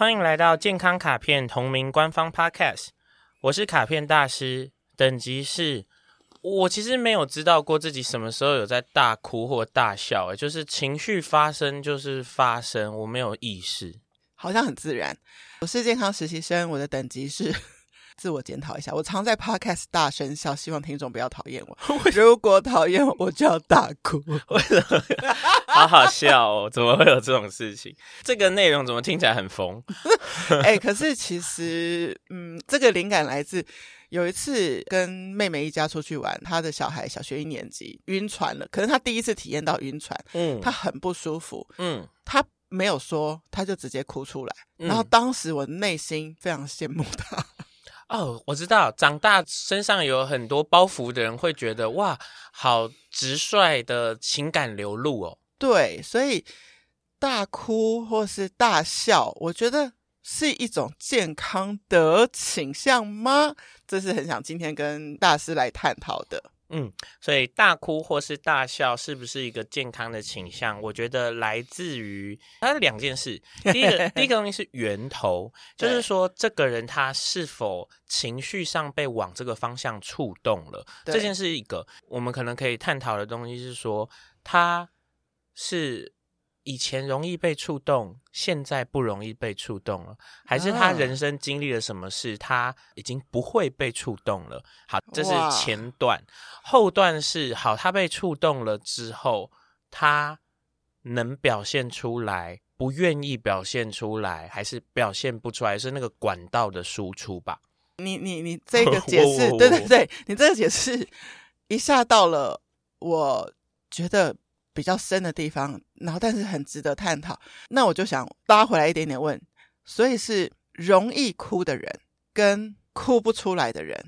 歡迎來到健康卡片同名官方 podcast，我是卡片大師，等級是，我其實沒有知道過自己什麼時候有在大哭或大笑，就是情緒發生就是發生，我沒有意識，好像很自然。我是健康實習生，我的等級是。自我檢討一下，我常在 podcast 大聲笑，希望聽眾不要討厭我。 如果討厭我，就要大哭。 好好笑哦！怎麼會有這種事情？這個內容怎麼聽起來很瘋？哎、 欸，可是其實，嗯，這個靈感來自有一次跟妹妹一家出去玩，她的小孩小學一年級，暈船了。可是她第一次體驗到暈船，嗯，她很不舒服，嗯，她沒有說，她就直接哭出來。嗯、然後當時我內心非常羨慕她。哦，我知道，長大身上有很多包袱的人會覺得哇，好直率的情感流露哦。對，所以大哭或是大笑，我覺得是一種健康的傾向嗎？這是很想今天跟大師來探討的。嗯，所以大哭或是大笑是不是一個健康的傾向？我覺得來自於它是兩件事。第一個，第一個東西是源頭， 就是說這個人他是否情緒上被往這個方向觸動了。對這件事一個我們可能可以探討的東西是說，他是。以前容易被觸動，現在不容易被觸動了，還是他人生經歷了什麼事，啊、他已經不會被觸動了？好，這是前段，哇，後段是好，他被觸動了之後，他能表現出來，不願意表現出來，還是表現不出來？是那個管道的輸出吧？你你你這個解釋，哦、對對對，你這個解釋，一下到了，我覺得。比較深的地方，然後但是很值得探討。那我就想拉回來一點點問：所以是容易哭的人跟哭不出來的人，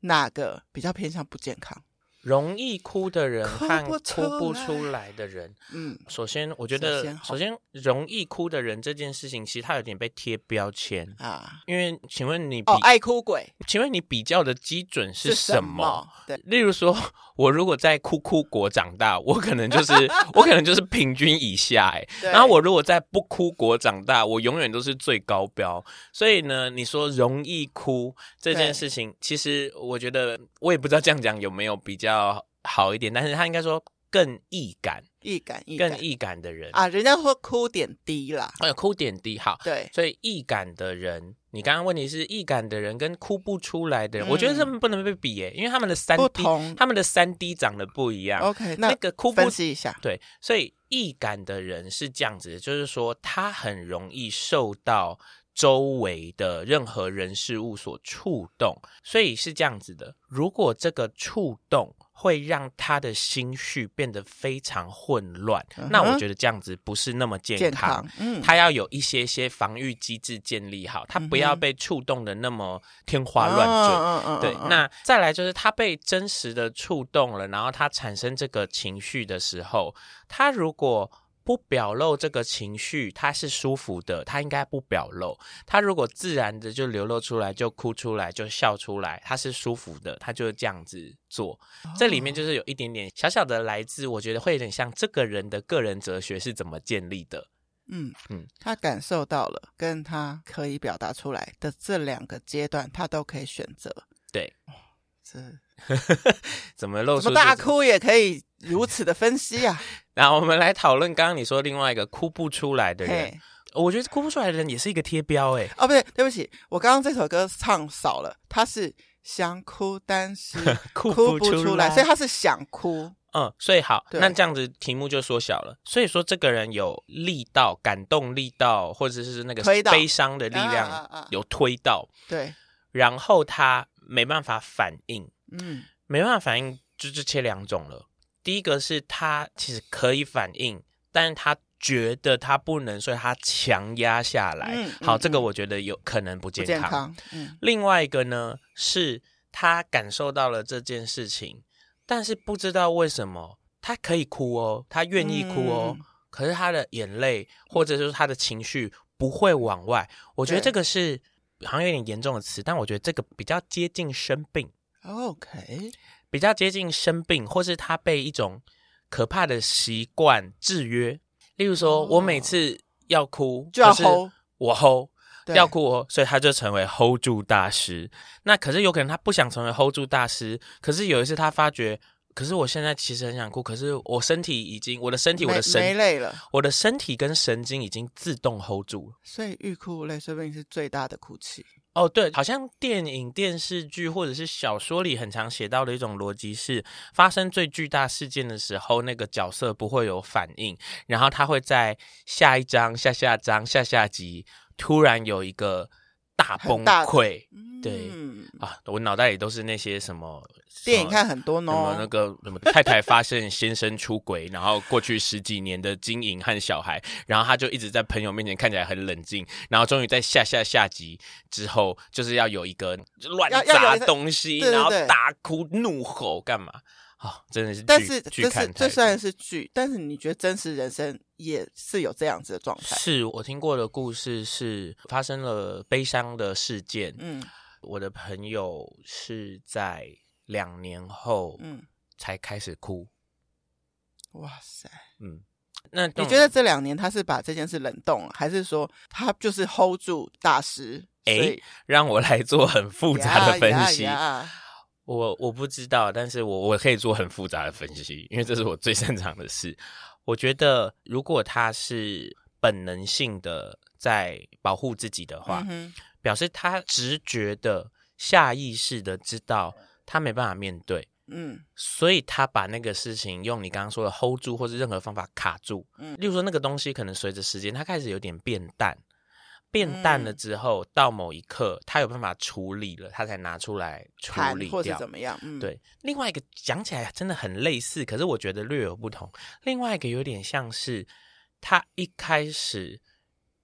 哪個比較偏向不健康？容易哭的人和哭不出來的人，嗯，首先我覺得，首先容易哭的人這件事情，其實他有點被貼標籤啊。因為，請問你比，愛哭鬼，請問你比較的基準是什麼？對，例如說，我如果在哭哭國長大，我可能就是我可能就是平均以下哎、欸。然後我如果在不哭國長大，我永遠都是最高標。所以呢，你說容易哭這件事情，其實我覺得我也不知道這樣講有沒有比較。要好一點，但是他應該說更易感，易感，易感，更易感的人啊，人家說哭點低啦，呃、哎，哭點低，好，對，所以易感的人，你剛剛問題是易感的人跟哭不出來的人，嗯、我覺得他們不能被比耶、欸，因為他們的三 d 不同，他們的三 D 長得不一樣，OK，那，那個哭不分析一下，對，所以易感的人是這樣子，就是說他很容易受到。周圍的任何人事物所觸動，所以是這樣子的。如果這個觸動會讓他的心緒變得非常混亂，uh huh. 那我覺得這樣子不是那麼健康。健康，嗯。他要有一些些防禦機制建立好，他不要被觸動得那麼天花亂墜。Uh huh. 對，uh huh. 那再來就是他被真實的觸動了，然後他產生這個情緒的時候，他如果。不表露這個情緒，他是舒服的，他應該不表露。他如果自然的就流露出來，就哭出來，就笑出來，他是舒服的，他就這樣子做。哦、這裡面就是有一點點小小的來自，我覺得會有點像這個人的個人哲學是怎麼建立的。嗯嗯，嗯他感受到了，跟他可以表達出來的這兩個階段，他都可以選擇。對，是。呵呵呵， 怎麼露出？大哭也可以如此的分析呀，啊。那 我們來討論剛剛你說另外一個哭不出來的人嘿、哦。我覺得哭不出來的人也是一個貼標誒。哦，不對，對不起，我剛剛這首歌唱少了。他是想哭，但是哭不出來，所以他是想哭。 嗯，所以好，對那這樣子題目就縮小了。所以說，這個人有力道、感動力道，或者是那個悲傷的力量有推到。推到啊啊啊對，然後他沒辦法反應。嗯，沒辦法反應，就就切兩種了。第一個是他其實可以反應，但是他覺得他不能，所以他強壓下來。嗯嗯、好，這個我覺得有可能不健康。健康，嗯，另外一個呢，是他感受到了這件事情，但是不知道為什麼，他可以哭哦，他願意哭哦，嗯、可是他的眼淚或者是他的情緒不會往外。我覺得這個是對好像有點嚴重的詞，但我覺得這個比較接近生病。OK，比較接近生病，或是他被一種可怕的習慣制約。例如說，我每次要哭就要 hold 我 hold< 對>，要哭，所以他就成為 hold 住大師。那可是有可能他不想成為 hold 住大師，可是有一次他發覺。可是我現在其實很想哭，可是我身體已經，我的身體，我的神累了，我的身體跟神經已經自動 hold 住了。所以欲哭無淚，說不定是，是最大的哭泣。哦，對，好像電影、電視劇或者是小說裡很常寫到的一種邏輯是，發生最巨大事件的時候，那個角色不會有反應，然後他會在下一章、下下章、下下集突然有一個。大崩潰，嗯、對啊，我腦袋裡都是那些什麼，什麼電影看很多喏，那個什麼太太發現先生出軌， 然後過去十幾年的經營和小孩，然後他就一直在朋友面前看起來很冷靜，然後終於在下下下集之後，就是要有一個亂砸東西，對對對然後大哭怒吼幹嘛？啊、哦，真的是，但是這劇是這算是劇，但是你覺得真實人生也是有這樣子的狀態？是我聽過的故事是發生了悲傷的事件，嗯，我的朋友是在兩年後，嗯，才開始哭。嗯、哇塞，嗯，那你覺得這兩年他是把這件事冷凍了，還是說他就是 hold 住大師？哎、欸，以讓我來做很複雜的分析。Yeah, yeah, yeah. 我我不知道，但是我我可以做很複雜的分析，因為這是我最擅長的事。我覺得如果他是本能性的在保護自己的話，嗯哼，表示他直覺的、下意識的知道他沒辦法面對，嗯、所以他把那個事情用你剛剛說的 hold 住，或是任何方法卡住，嗯、例如說那個東西可能隨着時間，它開始有點變淡。變淡了之後，到某一刻他有辦法處理了，他才拿出來處理掉。或者怎麼樣？對，另外一個講起來真的很類似，可是我覺得略有不同。另外一個有點像是他一開始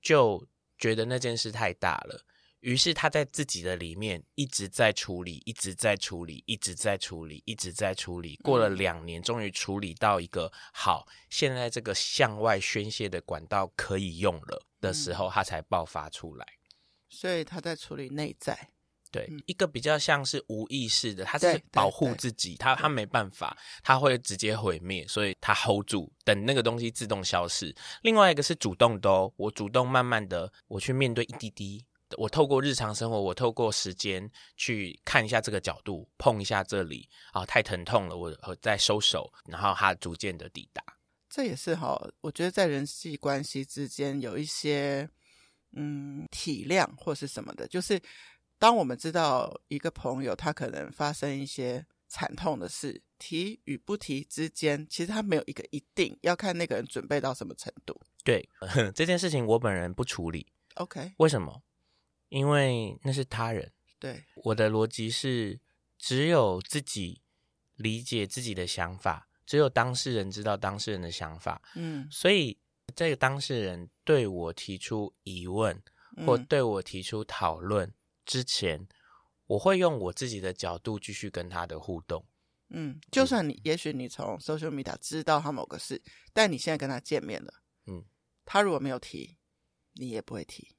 就覺得那件事太大了。於是他在自己的裡面一直在處理，一直在處理，一直在處理，一直在處理。處理過了兩年，終於處理到一個、嗯、好，現在這個向外宣洩的管道可以用了、嗯、的時候，他才爆發出來。所以他在處理內在，對、嗯、一個比較像是無意識的，他在保護自己他，他沒辦法，他會直接毀滅，所以他 hold 住，等那個東西自動消失。另外一個是主動的哦，我主動慢慢的我去面對一滴滴。我透過日常生活，我透過時間去看一下這個角度，碰一下這裡啊，太疼痛了，我我再收手，然後他逐漸的抵達。這也是哈，我覺得在人際關係之間有一些嗯體諒或是什麼的，就是當我們知道一個朋友他可能發生一些慘痛的事，提與不提之間，其實他沒有一個一定要看那個人準備到什麼程度。對，這件事情我本人不處理。OK，為什麼？因為那是他人，對，我的邏輯是，只有自己理解自己的想法，只有當事人知道當事人的想法，嗯，所以這個當事人對我提出疑問或對我提出討論之前，嗯，我會用我自己的角度繼續跟他的互動，嗯，就算你，也許你從 social media 知道他某個事，但你現在跟他見面了，嗯，他如果沒有提，你也不會提。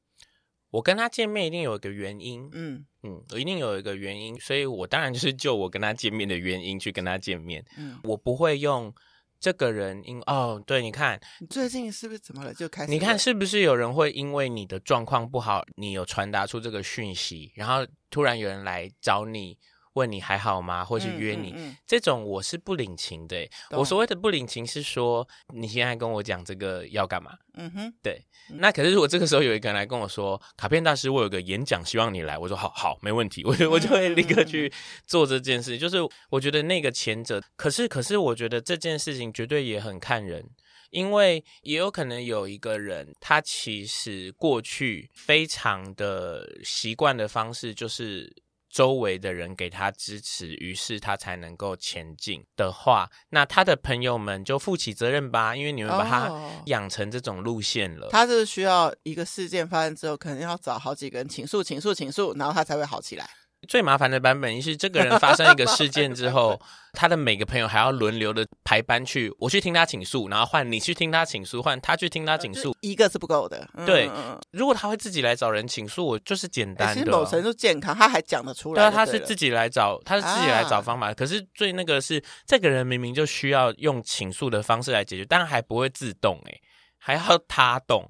我跟他見面一定有一個原因，嗯嗯，我、嗯、一定有一個原因，所以我當然就是就我跟他見面的原因去跟他見面，嗯，我不會用這個人因哦，對，你看最近是不是怎麼了就開始，你看是不是有人會因為你的狀況不好，你有傳達出這個訊息，然後突然有人來找你。問你還好嗎？或者是約你、嗯嗯嗯、這種，我是不領情的。對我所謂的不領情是說，你現在跟我講這個要幹嘛？嗯哼，對。那可是如果這個時候有一個人來跟我說，卡片大師，我有個演講，希望你來。我說，好好，沒問題，我就我就會立刻去做這件事情。嗯、就是我覺得那個前者，可是可是，我覺得這件事情絕對也很看人，因為也有可能有一個人，他其實過去非常的習慣的方式就是。周圍的人給他支持，於是他才能夠前進的話，那他的朋友們就負起責任吧，因為你們把他養成這種路線了。哦，他是需要一個事件發生之後，可能要找好幾個人傾訴、傾訴、傾訴，然後他才會好起來。最麻煩的版本是，這個人發生一個事件之後， 他的每個朋友還要輪流的排班去，我去聽他傾訴，然後換你去聽他傾訴，換他去聽他傾訴，一個是不夠的。嗯、對，嗯、如果他會自己來找人傾訴，我就是簡單的、啊欸。其實某程度健康，他還講得出來。對。對，他是自己來找，他是自己來找方法。啊、可是最那個是，這個人明明就需要用傾訴的方式來解決，但還不會自動哎，還要他動。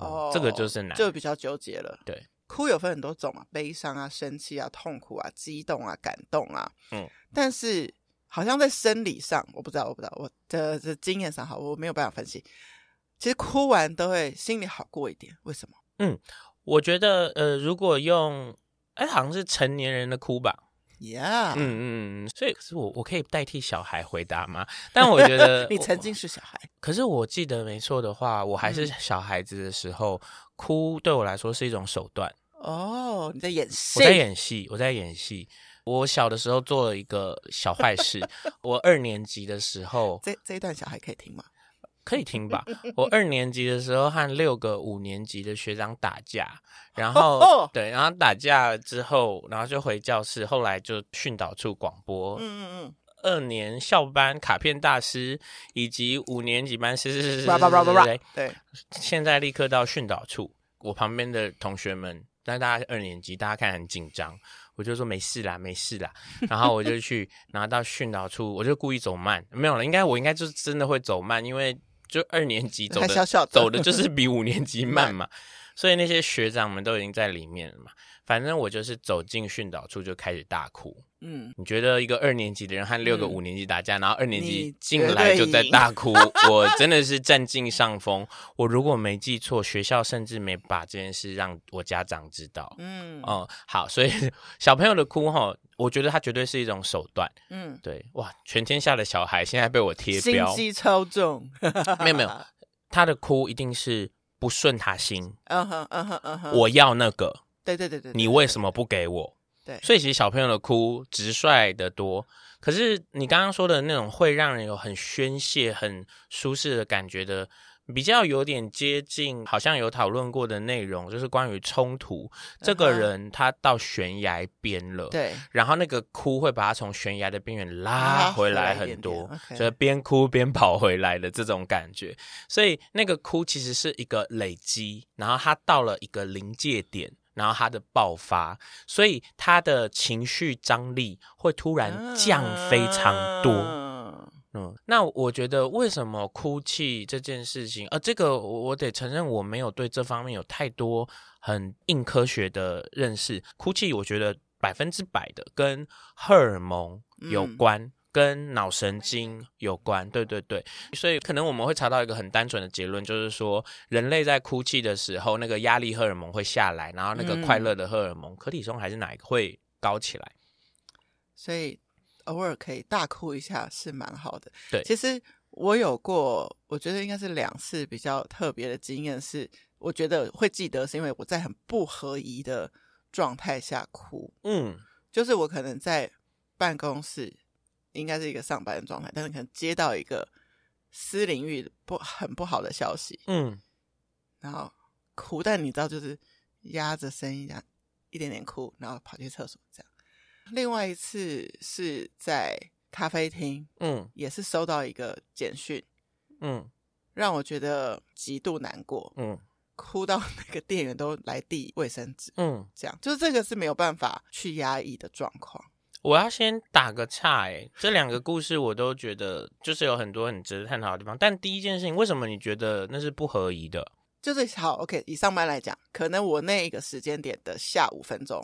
嗯、哦，這個就是難，就比較糾結了。對。哭有分很多種啊，悲傷啊、生氣啊、痛苦啊、激動啊、感動啊。嗯，但是好像在生理上，我不知道，我不知道，我的這經驗上哈，我沒有辦法分析。其實哭完都會心裡好過一點，為什麼？嗯，我覺得呃，如果用哎、欸，好像是成年人的哭吧。Yeah 嗯。嗯嗯嗯。所以可是我我可以代替小孩回答嗎？但我覺得 你曾經是小孩，可是我記得沒錯的話，我還是小孩子的時候，嗯、哭對我來說是一種手段。哦，oh, 你在演戲？我在演戲，我在演戲。我小的時候做了一個小壞事。 我二年級的時候，這這一段小孩可以聽嗎？可以聽吧。 我二年級的時候和六個五年級的學長打架，然後、oh、對，然後打架了之後，然後就回教室，後來就訓導處廣播。嗯嗯嗯。二年校班卡片大師以及五年級班是是是是是是是。對。對現在立刻到訓導處，我旁邊的同學們。那大家二年級，大家看很緊張，我就說沒事啦，沒事啦，然後我就去拿到訓導處，我就故意走慢，沒有了，應該我應該就真的會走慢，因為就二年級走的走的就是比五年級慢嘛。所以那些學長們都已經在裡面了嘛，反正我就是走進訓導處就開始大哭。嗯，你覺得一個二年級的人和六個五年級打架，嗯、然後二年級進來就在大哭，我真的是占盡上風。 我如果沒記錯，學校甚至沒把這件事讓我家長知道。嗯，哦、嗯，好，所以小朋友的哭吼，我覺得他絕對是一種手段。嗯，對，哇，全天下的小孩現在被我貼標，心機超重。 沒有沒有，他的哭一定是。不順他心，嗯哼，嗯哼，嗯哼，我要那個，對對對對，你為什麼不給我？對，所以其實小朋友的哭直率的多，可是你剛剛說的那種會讓人有很宣洩、很舒適的感覺的。比較有點接近，好像有討論過的內容，就是關於衝突。Uh huh. 這個人他到懸崖邊了，對。然後那個哭會把他從懸崖的邊緣拉回來很多，就是、uh huh. 邊哭邊跑回來的這種感覺。Okay. 所以那個哭其實是一個累積，然後他到了一個臨界點，然後他的爆發，所以他的情緒張力會突然降非常多。Uh huh. 嗯，那我覺得為什麼哭泣這件事情，呃，這個我得承認我沒有對這方面有太多很硬科學的認識。哭泣，我覺得百分之百的跟荷爾蒙有關，嗯、跟腦神經有關。對對對，所以可能我們會查到一個很單純的結論，就是說人類在哭泣的時候，那個壓力荷爾蒙會下來，然後那個快樂的荷爾蒙，嗯、可體松還是哪一個會高起來？所以。偶爾可以大哭一下是蠻好的。對，其實我有過，我覺得應該是兩次比較特別的經驗是，是我覺得會記得，是因為我在很不合宜的狀態下哭。嗯，就是我可能在辦公室，應該是一個上班的狀態，但是可能接到一個私領域不很不好的消息。嗯，然後哭，但你知道，就是壓着聲音，這樣一點點哭，然後跑去廁所這樣。另外一次是在咖啡廳，嗯，也是收到一個簡訊，嗯，讓我覺得極度難過，嗯，哭到那個店員都來遞衛生紙，嗯，這樣，就是這個是沒有辦法去壓抑的狀況。我要先打個岔、欸，這兩個故事我都覺得就是有很多很值得探討的地方。但第一件事情，為什麼你覺得那是不合宜的？就是好，OK，以上班來講，可能我那一個時間點的下午五分鐘，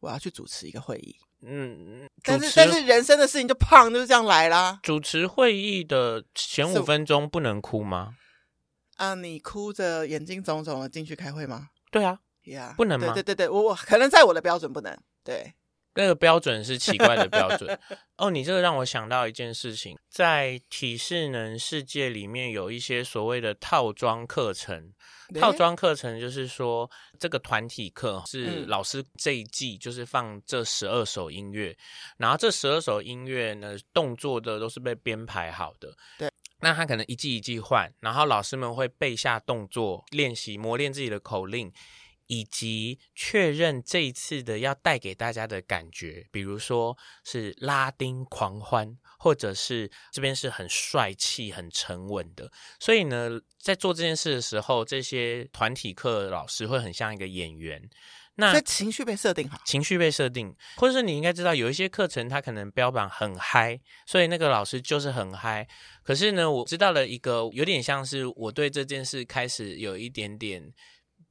我要去主持一個會議。嗯，但是但是人生的事情就胖就是這樣來啦。主持會議的前五分鐘不能哭嗎？啊，你哭着眼睛腫腫的進去開會嗎？對啊，Yeah. 不能嗎？對，對對對，我我可能在我的標準不能，對。那個標準是奇怪的標準哦，你這個讓我想到一件事情，在體適能世界裡面有一些所謂的套裝課程，套裝課程就是說這個團體課是老師這一季就是放這十二首音樂，然後這十二首音樂呢，動作的都是被編排好的，對，那他可能一季一季換，然後老師們會背下動作練習磨練自己的口令。以及確認這一次的要帶給大家的感覺，比如說是拉丁狂歡，或者是這邊是很帥氣、很沉穩的。所以呢，在做這件事的時候，這些團體課老師會很像一個演員。那情緒被設定好，情緒被設定，或者是你應該知道，有一些課程他可能標榜很嗨，所以那個老師就是很嗨。可是呢，我知道了一個有點像是我對這件事開始有一點點。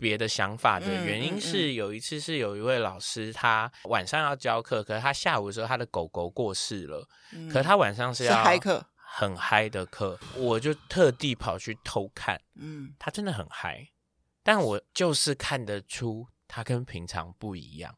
別的想法的原因是有一次是有一位老師，他晚上要教課，可是他下午的時候他的狗狗過世了，可是他晚上是要嗨課，很嗨的課，我就特地跑去偷看，嗯，他真的很嗨，但我就是看得出他跟平常不一樣。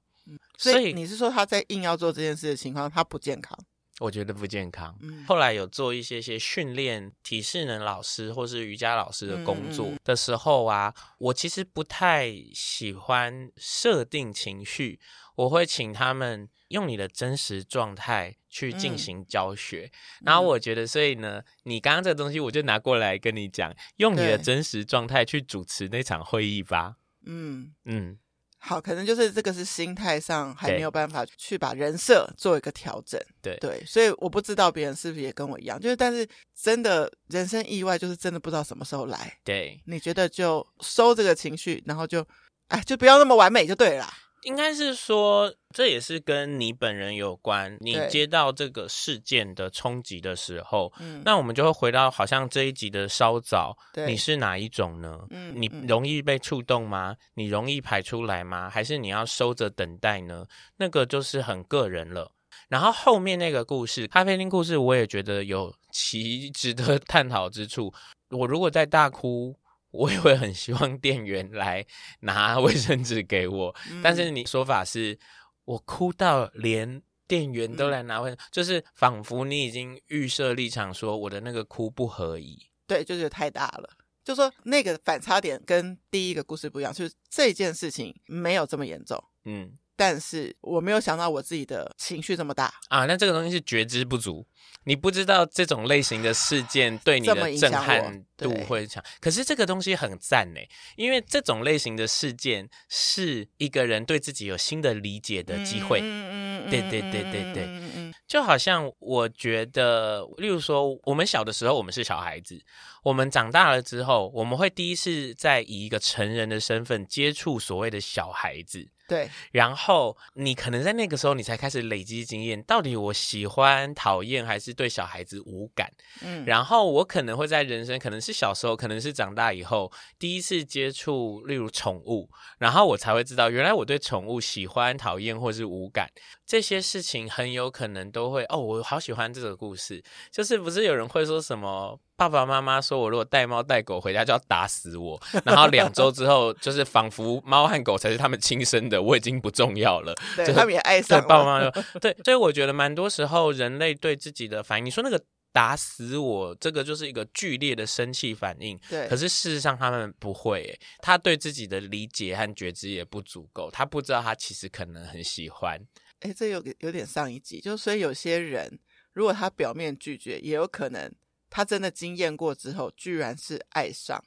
所以你是說他在硬要做這件事的情況，他不健康？我覺得不健康。嗯、後來有做一些些訓練、體適能老師或是瑜伽老師的工作的時候啊，我其實不太喜歡設定情緒，我會請他們用你的真實狀態去進行教學。嗯、然後我覺得，所以呢，你剛剛這個東西，我就拿過來跟你講，用你的真實狀態去主持那場會議吧。嗯嗯。嗯好，可能就是這個是心態上還沒有辦法去把人設做一個調整，對對，所以我不知道別人是不是也跟我一樣，就是，但是真的人生意外就是真的不知道什麼時候來，對，你覺得就收這個情緒，然後就哎，就不要那麼完美就對了啊。應該是說，這也是跟你本人有關。你接到這個事件的衝擊的時候，嗯，那我們就會回到好像這一集的稍早，對你是哪一種呢？嗯，嗯，你容易被觸動嗎？你容易排出來嗎？還是你要收着等待呢？那個就是很個人了。然後後面那個故事，咖啡廳故事，我也覺得有其值得探討之處。我如果在大哭。我也會很希望店員來拿衛生紙給我，嗯、但是你說法是，我哭到連店員都來拿衛生紙，嗯、就是仿佛你已經預設立場說我的那個哭不合宜。對，就是太大了，就說那個反差點跟第一個故事不一樣，就是這件事情沒有這麼嚴重。嗯。但是我沒有想到我自己的情緒這麼大啊！那這個東西是覺知不足，你不知道這種類型的事件對你的震撼度會強。可是這個東西很讚呢，因為這種類型的事件是一個人對自己有新的理解的機會。嗯嗯對對對對對，嗯嗯，嗯嗯嗯就好像我覺得，例如說，我們小的時候我們是小孩子，我們長大了之後，我們會第一次在以一個成人的身份接觸所謂的小孩子。對，然後你可能在那個時候，你才開始累積經驗。到底我喜歡、討厭，還是對小孩子無感？嗯，然後我可能會在人生，可能是小時候，可能是長大以後第一次接觸，例如寵物，然後我才會知道，原來我對寵物喜歡、討厭，或是無感。這些事情很有可能都會，哦，我好喜歡這個故事，就是不是有人會說什麼？爸爸媽媽說我如果帶貓帶狗回家就要打死我，然後兩周之後就是仿佛貓和狗才是他們親生的，我已經不重要了。就是、對，他們也愛上爸爸媽媽，對，所以我覺得蠻多時候人類對自己的反應，你說那個打死我這個就是一個劇烈的生氣反應，對。可是事實上他們不會，他對自己的理解和覺知也不足夠，他不知道他其實可能很喜歡。哎，這有有點上一集，就所以有些人如果他表面拒絕，也有可能。他真的經驗過之後，居然是愛上，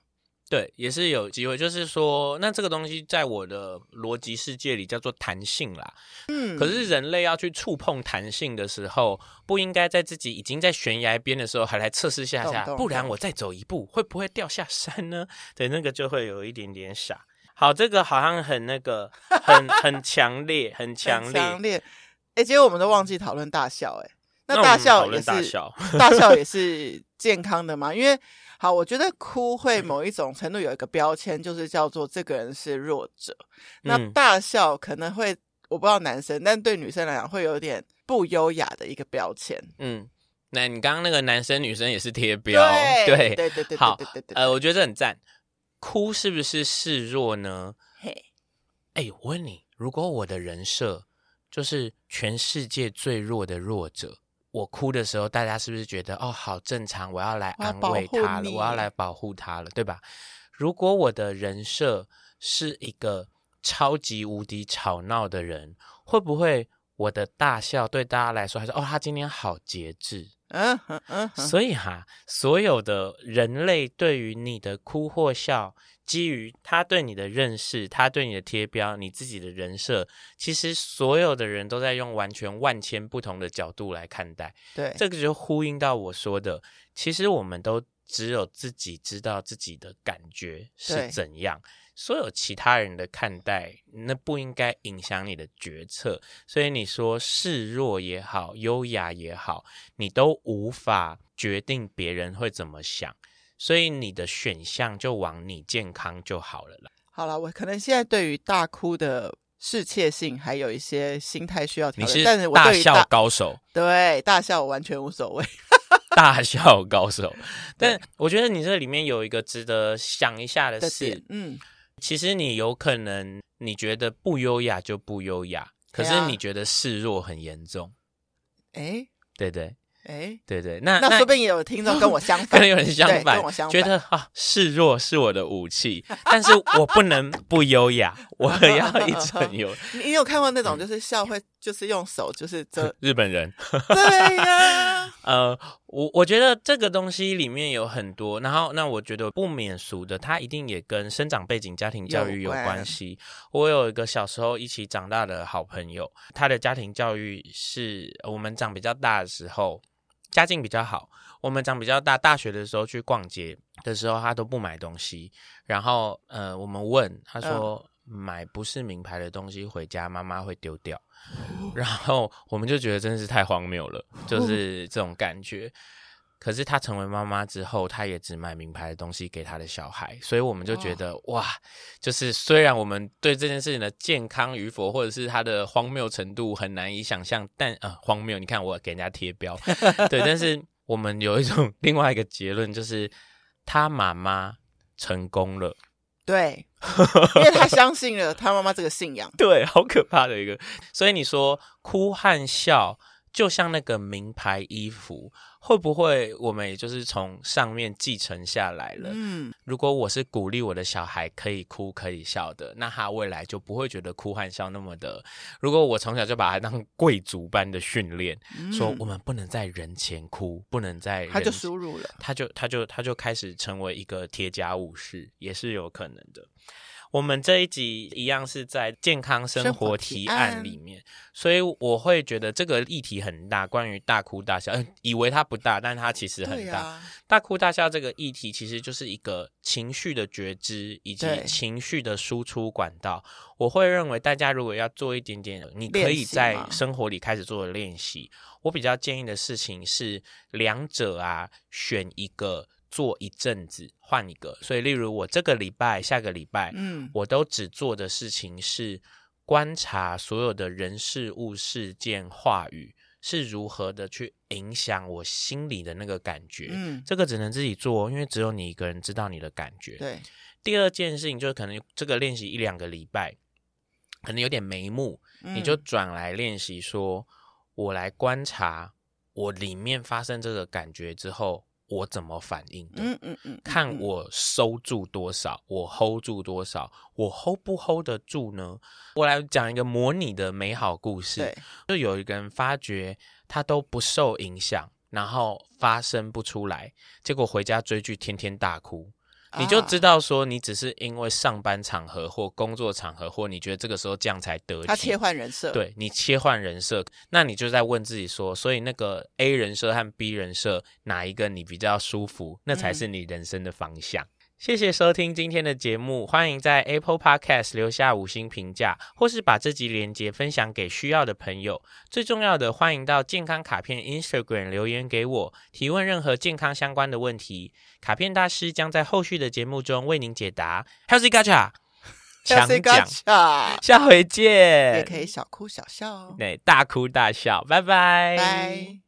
對，也是有機會。就是說，那這個東西在我的邏輯世界裡叫做彈性啦，嗯，可是人類要去觸碰彈性的時候，不應該在自己已經在懸崖邊的時候還來測試下下，不然我再走一步會不會掉下山呢？對，那個就會有一點點傻。好，這個好像很那個，很 很強烈，很強烈。很強烈。哎，結果我們都忘記討論大笑，哎，那大笑也是，嗯、大笑也是。 健康的嘛，因為好，我覺得哭會某一種程度有一個標籤，嗯、就是叫做這個人是弱者。那大笑可能會，我不知道男生，但對女生來講會有點不優雅的一個標籤。嗯，那你剛剛那個男生女生也是貼標，對對對對，好，對對對呃，我覺得這很讚。哭是不是示弱呢？哎嘿，我問你，如果我的人設就是全世界最弱的弱者？我哭的時候，大家是不是覺得哦，好正常？我要來安慰他了，我要，我要來保護他了，對吧？如果我的人設是一個超級無敵吵鬧的人，會不會？我的大笑對大家來說還是哦，他今天好節制。嗯嗯嗯。嗯嗯，所以哈、啊，所有的人類對於你的哭或笑，基於他對你的認識，他對你的貼標，你自己的人設，其實所有的人都在用完全萬千不同的角度來看待。對，這個就呼應到我說的，其實我們都只有自己知道自己的感覺是怎樣。所有其他人的看待，那不應該影響你的決策。所以你說示弱也好，優雅也好，你都無法決定別人會怎麼想。所以你的選項就往你健康就好了啦。好啦，我可能現在對於大哭的適切性還有一些心態需要調整，但是大笑高手，對大笑完全無所謂。 大笑高手，但我覺得你這裡面有一個值得想一下的事，嗯。其實你有可能，你覺得不優雅就不優雅，可是你覺得示弱很嚴重。哎，對對，哎，對對，那那說不定也有聽眾跟我相反，可能有人相反，跟我相反，覺得啊，示弱是我的武器，但是我不能不優雅，我要一直很優。你有看過那種就是笑會，就是用手就是遮，日本人。對呀。呃，我我覺得這個東西裡面有很多，然後那我覺得不免俗的，他一定也跟生長背景、家庭教育有關係。我有一個小時候一起長大的好朋友，他的家庭教育是我們長比較大的時候，家境比較好。我們長比較大，大學的時候去逛街的時候，他都不買東西。然後，呃，我們問他說。呃買不是名牌的東西回家，媽媽會丟掉，然後我們就覺得真的是太荒謬了，就是這種感覺。可是她成為媽媽之後，她也只買名牌的東西給她的小孩，所以我們就覺得哇，就是雖然我們對這件事情的健康與否，或者是他的荒謬程度很難以想象，但啊、呃、荒謬！你看我給人家貼標， 對，但是我們有一種另外一個結論，就是她媽媽成功了。對，因為他相信了他媽媽這個信仰。 對，好可怕的一個。所以你說哭和笑。就像那個名牌衣服，會不會我們也就是從上面繼承下來了？嗯，如果我是鼓勵我的小孩可以哭可以笑的，那他未來就不會覺得哭和笑那麼的。如果我從小就把他當貴族般的訓練，嗯、說我們不能在人前哭，不能在人他就輸入了，他就他就他就開始成為一個鐵甲武士，也是有可能的。我們這一集一樣是在健康生活提案裡面，所以我會覺得這個議題很大。關於大哭大笑，以為它不大，但它其實很大。啊、大哭大笑這個議題其實就是一個情緒的覺知以及情緒的輸出管道。對我會認為大家如果要做一點點，你可以在生活裡開始做的練習。練習我比較建議的事情是，兩者啊，選一個。做一陣子，換一個。所以，例如我這個禮拜、下個禮拜，嗯，我都只做的事情是觀察所有的人、事物、事件、話語是如何的去影響我心裡的那個感覺。嗯，這個只能自己做，因為只有你一個人知道你的感覺。對。第二件事情就是，可能這個練習一兩個禮拜，可能有點眉目，嗯，你就轉來練習說，我來觀察我裡面發生這個感覺之後。我怎麼反應的？嗯嗯嗯，嗯嗯看我收住多少，我 hold 住多少，我 hold 不 hold 得住呢？我來講一個模擬的美好故事。對就有一個人發覺他都不受影響，然後發聲不出來，結果回家追劇，天天大哭。你就知道說，你只是因為上班場合或工作場合，或你覺得這個時候這樣才得體。啊，他切換人設，對，你切換人設，那你就在問自己說，所以那個 A 人設和 B 人設哪一個你比較舒服，那才是你人生的方向。嗯謝謝收聽今天的節目，歡迎在 Apple Podcast 留下五星評價，或是把這集連結分享給需要的朋友。最重要的，歡迎到健康卡片 Instagram 留言給我，提問任何健康相關的問題，卡片大師將在後續的節目中為您解答。Healthy Gacha，Healthy Gacha，下回見。也可，可以小哭小笑，哦，對大哭大笑，拜拜。